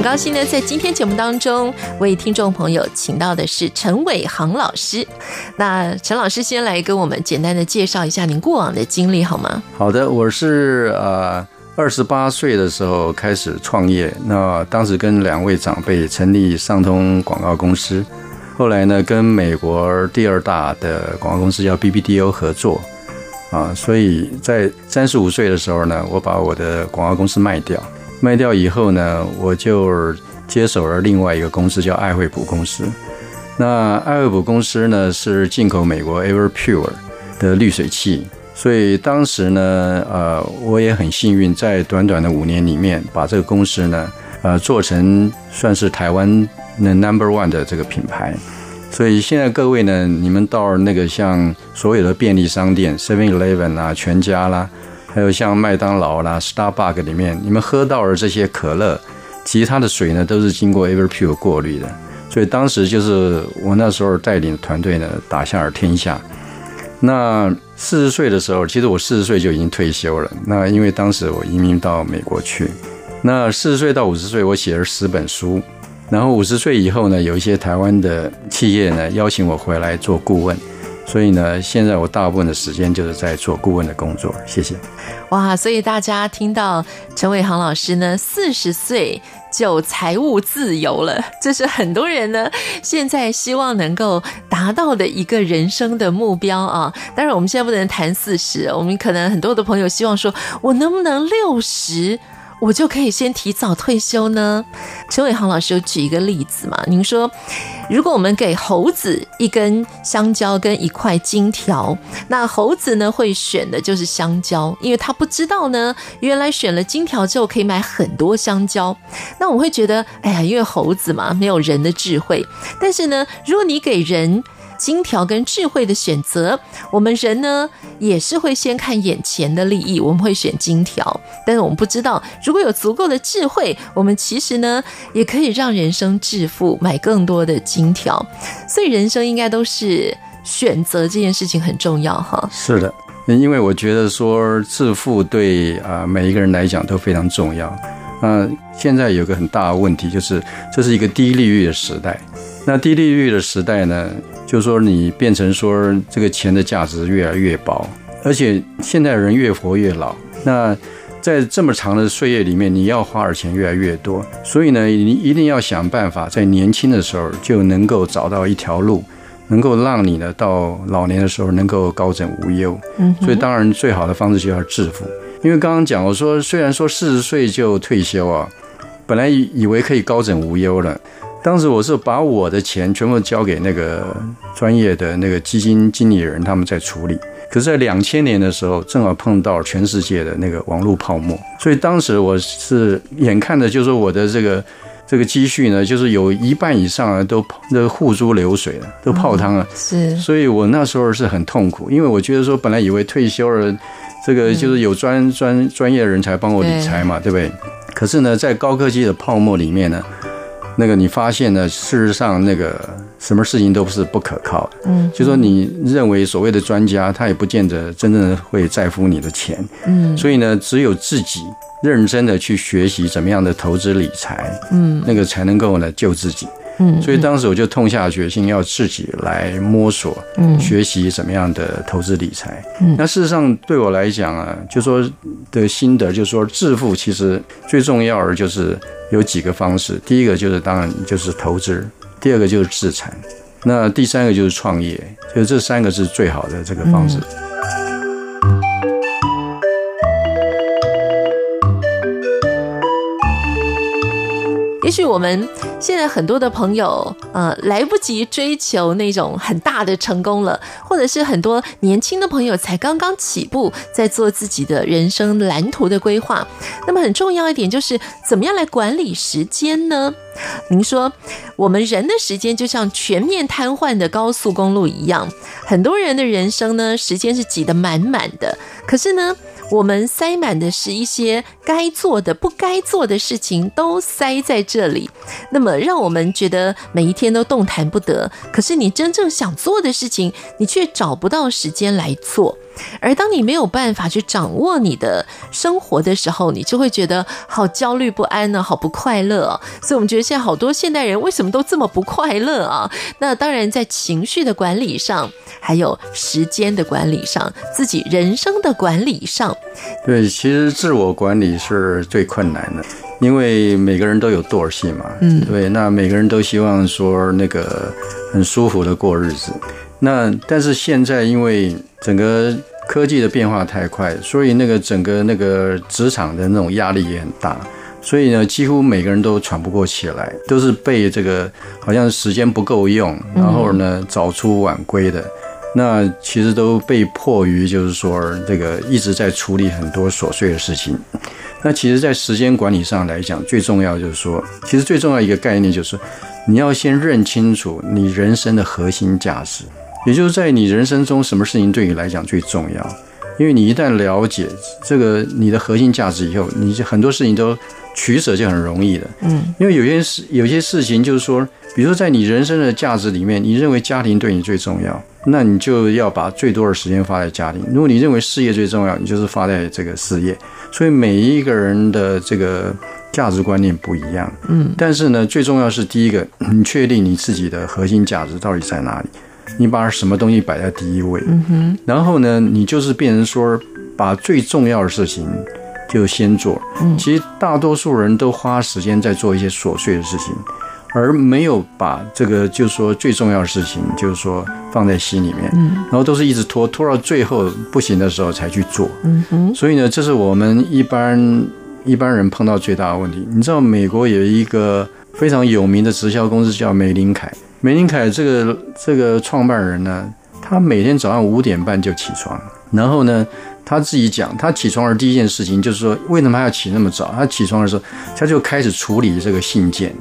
很高興呢，在今天節目當中為聽眾朋友請到的是陳偉航老師。那陳老師先來跟我們簡單的介紹一下您過往的經歷好嗎？好的，我是呃二十八歲的時候開始創業，那當時跟兩位長輩成立上通廣告公司，後來呢跟美國第二大的廣告公司叫 BBDO 合作啊，呃，所以在三十五歲的時候呢，我把我的廣告公司賣掉。賣掉以後呢，我就接手了另外一個公司，叫愛惠浦公司。那愛惠浦公司呢，是進口美國 Everpure 的濾水器，所以當時呢，呃，我也很幸運，在短短的五年裡面，把這個公司呢，呃，做成算是台灣的 Number One 的這個品牌。所以現在各位呢，你們到那個像所有的便利商店、Seven Eleven 啊，全家啦。還有像麥當勞啦、Starbucks 裡面，你們喝到的這些可樂，其他的水呢，都是經過 Everpure 過濾的。所以當時就是我那時候帶領團隊呢，打下了天下。那四十歲的時候，其實我四十歲就已經退休了。那因為當時我移民到美國去。那四十歲到五十歲，我寫了十本書。然後五十歲以後呢，有一些台灣的企業呢，邀請我回來做顧問。所以呢，現在我大部分的時間就是在做顧問的工作。謝謝。哇，所以大家聽到陳偉航老師呢，四十歲就財務自由了，這、就是很多人呢現在希望能夠達到的一個人生的目標啊。當然我們現在不能談四十，我們可能很多的朋友希望說，我能不能六十？我就可以先提早退休呢？陳偉航老師有舉一個例子嘛，您說，如果我們給猴子一根香蕉跟一塊金條，那猴子呢會選的就是香蕉，因為他不知道呢，原來選了金條之後可以買很多香蕉。那我會覺得，哎呀，因為猴子嘛，沒有人的智慧。但是呢，如果你給人，金條跟智慧的選擇，我們人呢也是會先看眼前的利益，我們會選金條。但是我們不知道，如果有足夠的智慧，我們其實呢也可以讓人生致富，買更多的金條。所以人生應該都是選擇這件事情很重要哈。是的，因為我覺得說致富對啊、呃、每一個人來講都非常重要。嗯、呃，現在有個很大的問題就是，這是一個低利率的時代。那低利率的時代呢，就說你變成說這個錢的價值越來越薄，而且現在人越活越老，那在這麼長的歲月裡面，你要花的錢越來越多，所以呢，你一定要想辦法在年輕的時候就能夠找到一條路，能夠讓你呢到老年的時候能夠高枕無憂。嗯。所以當然最好的方式就要致富，因為剛剛講我說，雖然說四十歲就退休啊，本來以為可以高枕無憂了。當時我是把我的錢全部交給那個專業的那個基金經理人，他們在處理。可是，在兩千年的時候，正好碰到全世界的那個網絡泡沫，所以當時我是眼看着，就是我的這個這個積蓄呢，就是有一半以上、啊、都都付諸流水了，都泡湯了、嗯。是，所以我那時候是很痛苦，因為我覺得說本來以為退休了，這個就是有專、嗯、專專業人才幫我理財嘛對，對不對？可是呢，在高科技的泡沫裡面呢。那個，你發現呢？事實上，那個什麼事情都是不可靠的，嗯。嗯，就說你認為所謂的專家，他也不見得真正會在乎你的錢。嗯，所以呢，只有自己認真的去學習怎麼樣的投資理財。嗯，那個才能夠呢救自己。嗯，所以當時我就痛下決心要自己來摸索，嗯，學習什麼樣的投資理財。嗯，那事實上對我來講啊，就說的心得就是說，致富其實最重要的就是有幾個方式。第一個就是當然就是投資，第二個就是資產，那第三個就是創業，就是這三個是最好的這個方式。嗯、也許我們。現在很多的朋友，呃，來不及追求那種很大的成功了，或者是很多年輕的朋友才剛剛起步，在做自己的人生藍圖的規劃。那麼很重要一點就是，怎麼樣來管理時間呢？您說，我們人的時間就像全面癱瘓的高速公路一樣，很多人的人生呢，時間是擠得滿滿的，可是呢，我們塞滿的是一些該做的、不該做的事情，都塞在這裡，那麼讓我們覺得每一天都動彈不得，可是你真正想做的事情，你卻找不到時間來做。而當你沒有辦法去掌握你的生活的時候，你就會覺得好焦慮不安呢、啊，好不快樂、啊。所以，我們覺得現在好多現代人為什麼都這麼不快樂啊？那當然，在情緒的管理上，還有時間的管理上，自己人生的管理上，對，其實自我管理是最困難的，因為每個人都有惰性嘛。嗯，對，那每個人都希望說那個很舒服的過日子。那但是現在因為整個科技的變化太快，所以那個整個那個職場的那種壓力也很大，所以呢幾乎每個人都喘不過氣來，都是被這個好像時間不夠用，然後呢早出晚歸的，那其實都被迫於就是說這個一直在處理很多瑣碎的事情。那其實，在時間管理上來講，最重要就是說，其實最重要一個概念就是你要先認清楚你人生的核心價值。也就是在你人生中，什麼事情對你來講最重要？因為你一旦了解這個你的核心價值以後，你就很多事情都取舍就很容易了。嗯，因為有些事有些事情就是說，比如說在你人生的價值裡面，你認為家庭對你最重要，那你就要把最多的時間花在家庭；如果你認為事業最重要，你就是花在這個事業。所以每一個人的這個價值觀念不一樣。嗯，但是呢，最重要是第一個，你確定你自己的核心價值到底在哪裡。你把什麼東西擺在第一位？嗯哼、然後呢，你就是變成說，把最重要的事情就先做。嗯。其實大多數人都花時間在做一些瑣碎的事情，而沒有把這個就是說最重要的事情，就是說放在心裡面。嗯、然後都是一直拖拖到最後不行的時候才去做。嗯哼、所以呢，這是我們一般一般人碰到最大的問題。你知道，美國有一個非常有名的直銷公司叫玫琳凱。玫琳凱這個這個創辦人呢，他每天早上五點半就起床，然後呢，他自己講，他起床的第一件事情就是說，為什麼還要起那麼早？他起床的時候，他就開始處理這個信件、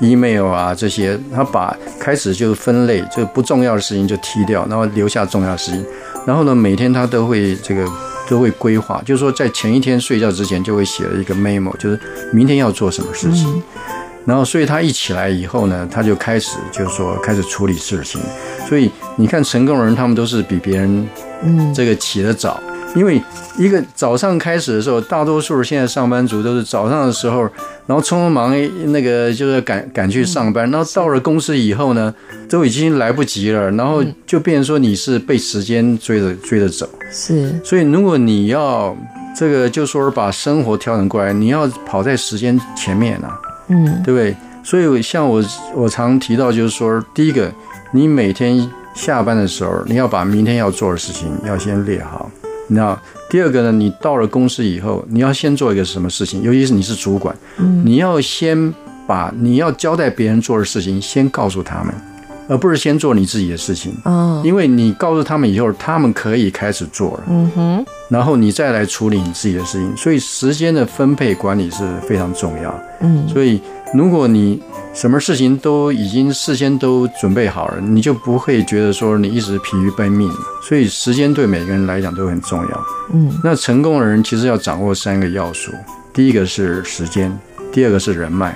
email 啊這些，他把開始就是分類，就不重要的事情就踢掉，然後留下重要的事情。然後呢，每天他都會這個都會規劃，就是說在前一天睡覺之前就會寫了一個 memo，就是明天要做什麼事情。嗯然後，所以他一起來以後呢，他就開始就是說開始處理事情。所以你看，成功人他們都是比別人，嗯，這個起得早、嗯。因為一個早上開始的時候，大多數現在上班族都是早上的時候，然後匆匆忙那個就是趕趕去上班、嗯。然後到了公司以後呢，都已經來不及了。然後就變成說你是被時間追着追着走。是、嗯。所以，如果你要這個就是說把生活調整過來，你要跑在時間前面啊。嗯， 對不對？所以像我，我常提到就是說，第一個，你每天下班的時候，你要把明天要做的事情要先列好。那第二個呢，你到了公司以後，你要先做一個什麼事情？尤其是你是主管，嗯， 你要先把，你要交代別人做的事情先告訴他們。而不是先做你自己的事情，oh. 因為你告訴他們以後，他們可以開始做了，mm -hmm. 然後你再來處理你自己的事情，所以時間的分配管理是非常重要的，嗯、mm -hmm.，所以如果你什麼事情都已經事先都準備好了，你就不會覺得說你一直疲於奔命。所以時間對每個人來講都很重要，嗯、mm -hmm.，那成功的人其實要掌握三個要素，第一個是時間，第二個是人脈，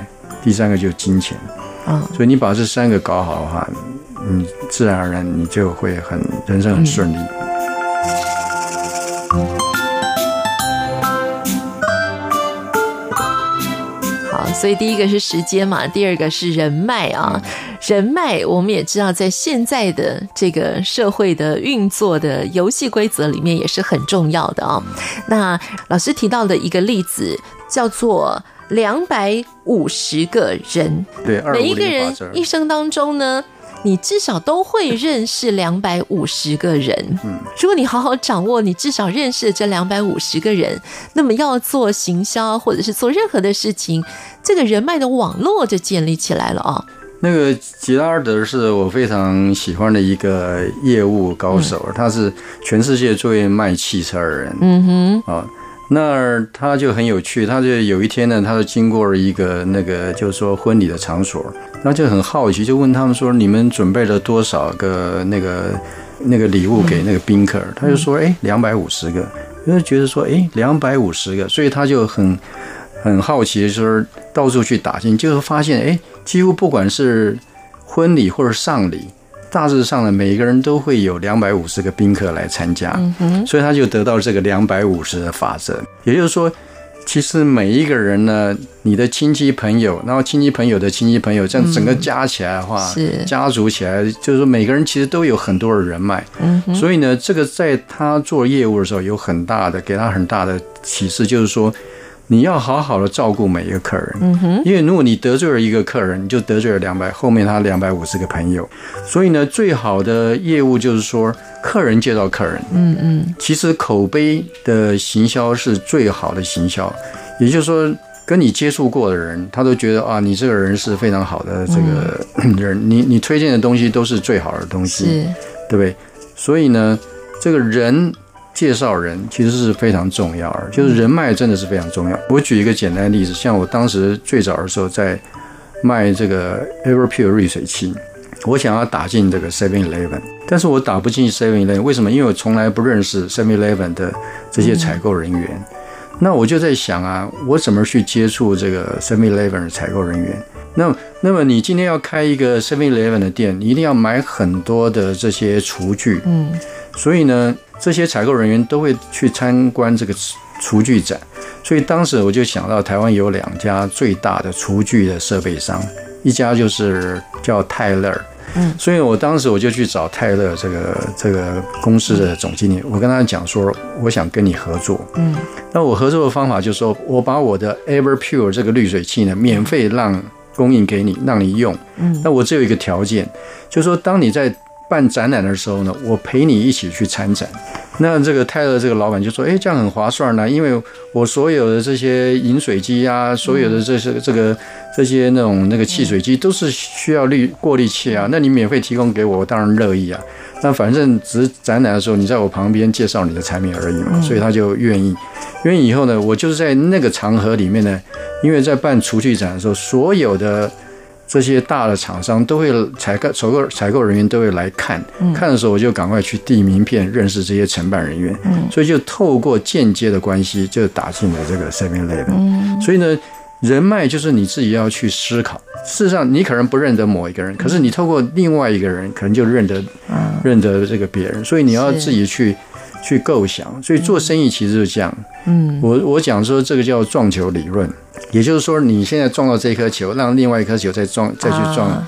第三個就是金錢。啊，所以你把這三個搞好的話，你，嗯，自然而然你就會很人生很順利，嗯。好，所以第一個是時間嘛，第二個是人脈啊，人脈我們也知道，在現在的這個社會的運作的遊戲規則裡面也是很重要的啊，哦。那老師提到的一個例子叫做，兩百五十個人，對，每一個人一生當中呢，你至少都會認識兩百五十個人。嗯，如果你好好掌握你至少認識的這兩百五十個人，那麼要做行銷或者是做任何的事情，這個人脈的網絡就建立起來了啊、哦。那個吉拉爾德是我非常喜歡的一個業務高手、嗯，他是全世界最賣汽車的人。嗯哼，啊、哦。那他就很有趣，他就有一天呢，他就經過了一個那個就是說婚禮的場所，他就很好奇，就問他們說：“你們準備了多少個那個那個禮物給那個賓客？”他就說：“哎，兩百五十個。”因為就覺得說：“哎，兩百五十個。”所以他就很很好奇，就是到處去打聽，就是發現哎，幾乎不管是婚禮或者喪禮。大致上呢，每一個人都會有兩百五十個賓客來參加，嗯，所以他就得到這個兩百五十的法則。也就是說，其實每一個人呢，你的親戚朋友，然後親戚朋友的親戚朋友，嗯、這樣整個加起來的話，家族起來，就是說每個人其實都有很多的人脈。嗯、所以呢，這個在他做業務的時候，有很大的給他很大的啟示，就是說。你要好好的照顧每一個客人，因為如果你得罪了一個客人，你就得罪了兩百，後面他兩百五十個朋友，所以呢，最好的業務就是說，客人介紹客人，嗯嗯，其實口碑的行銷是最好的行銷，也就是說，跟你接觸過的人，他都覺得啊，你這個人是非常好的這個人，你你推薦的東西都是最好的東西，對不對？所以呢，這個人。介紹人其實是非常重要的，就是人脈真的是非常重要。我舉一個簡單的例子，像我當時最早的時候在賣這個 Everpure 熱水器，我想要打進這個 Seven Eleven，但是我打不進 Seven Eleven，為什麼？因為我從來不認識 Seven Eleven 的這些採購人員。嗯。那我就在想啊，我怎麼去接觸這個 Seven Eleven 的採購人員？那麼，那麼你今天要開一個 Seven Eleven 的店，你一定要買很多的這些廚具，嗯。所以呢，這些採購人員都會去參觀這個廚具展。所以當時我就想到，台灣有兩家最大的廚具的設備商，一家就是叫泰勒，嗯，所以我當時我就去找泰勒這個這個公司的總經理，我跟他講說，我想跟你合作，嗯，那我合作的方法就是說，我把我的 EverPure 這個濾水器呢，免費讓供應給你，讓你用，嗯，那我只有一個條件，就是說，當你在辦展覽的時候呢，我陪你一起去參展。那這個泰勒這個老板就說：“誒，這樣很划算吶、啊！」因為我所有的這些飲水機啊，所有的這些這個這些那種那個汽水機都是需要濾過濾器啊、嗯。那你免費提供給我，我當然樂意啊。那反正只是展覽的時候，你在我旁邊介紹你的產品而已嘛，嗯、所以他就願意。願意以後呢，我就是在那個場合裡面呢，因為在辦廚具展的時候，所有的。”這些大的廠商都會採購，採購人員都會來看、嗯，看的時候我就趕快去遞名片，認識這些承辦人員、嗯，所以就透過間接的關係就打進了這個 semi 類、嗯、所以呢，人脈就是你自己要去思考。事實上，你可能不認得某一個人，可是你透過另外一個人，可能就認得、嗯、認得這個別人。所以你要自己去、嗯。去構想，所以做生意其實是這樣。嗯，嗯我我講說這個叫撞球理論，也就是說你現在撞到這顆球，讓另外一顆球再撞，再去撞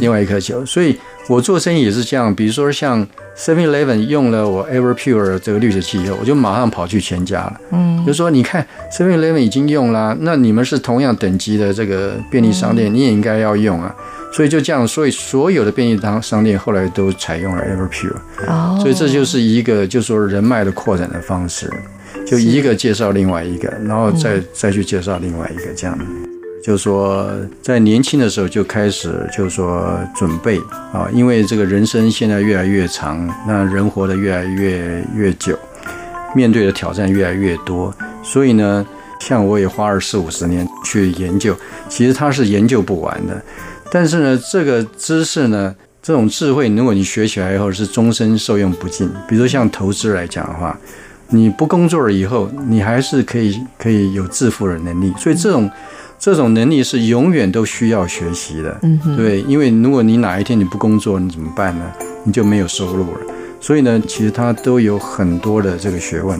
另外一顆球，啊。所以我做生意也是這樣，比如說像。Seven Eleven 用了我 Everpure 這個濾水器以後，我就馬上跑去全家了。嗯，就說你看 Seven Eleven 已經用了，那你們是同樣等級的這個便利商店，嗯，你也應該要用啊。所以就這樣，所以所有的便利商商店後來都採用了 Everpure，哦，嗯。所以這就是一個，就是說人脈的擴展的方式，就一個介紹另外一個，然後再，嗯，再去介紹另外一個這樣。就是說，在年輕的時候就開始，就是說準備啊，因為這個人生現在越來越長，那人活得越來越越久，面對的挑戰越來越多，所以呢，像我也花了四五十年去研究，其實它是研究不完的，但是呢，這個知識呢，這種智慧，如果你學起來以後是終身受用不盡。比如像投資來講的話，你不工作了以後，你還是可以可以有致富的能力，所以這種。這種能力是永遠都需要學習的。嗯哼，對，因為如果你哪一天你不工作，你怎麼辦呢？你就沒有收入了。所以呢，其實它都有很多的這個學問，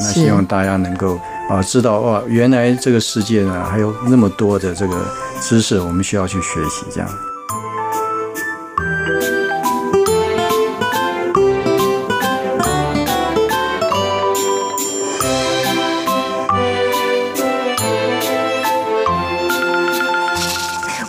那希望大家能夠啊，呃，知道哦，原來這個世界呢還有那麼多的這個知識，我們需要去學習這樣。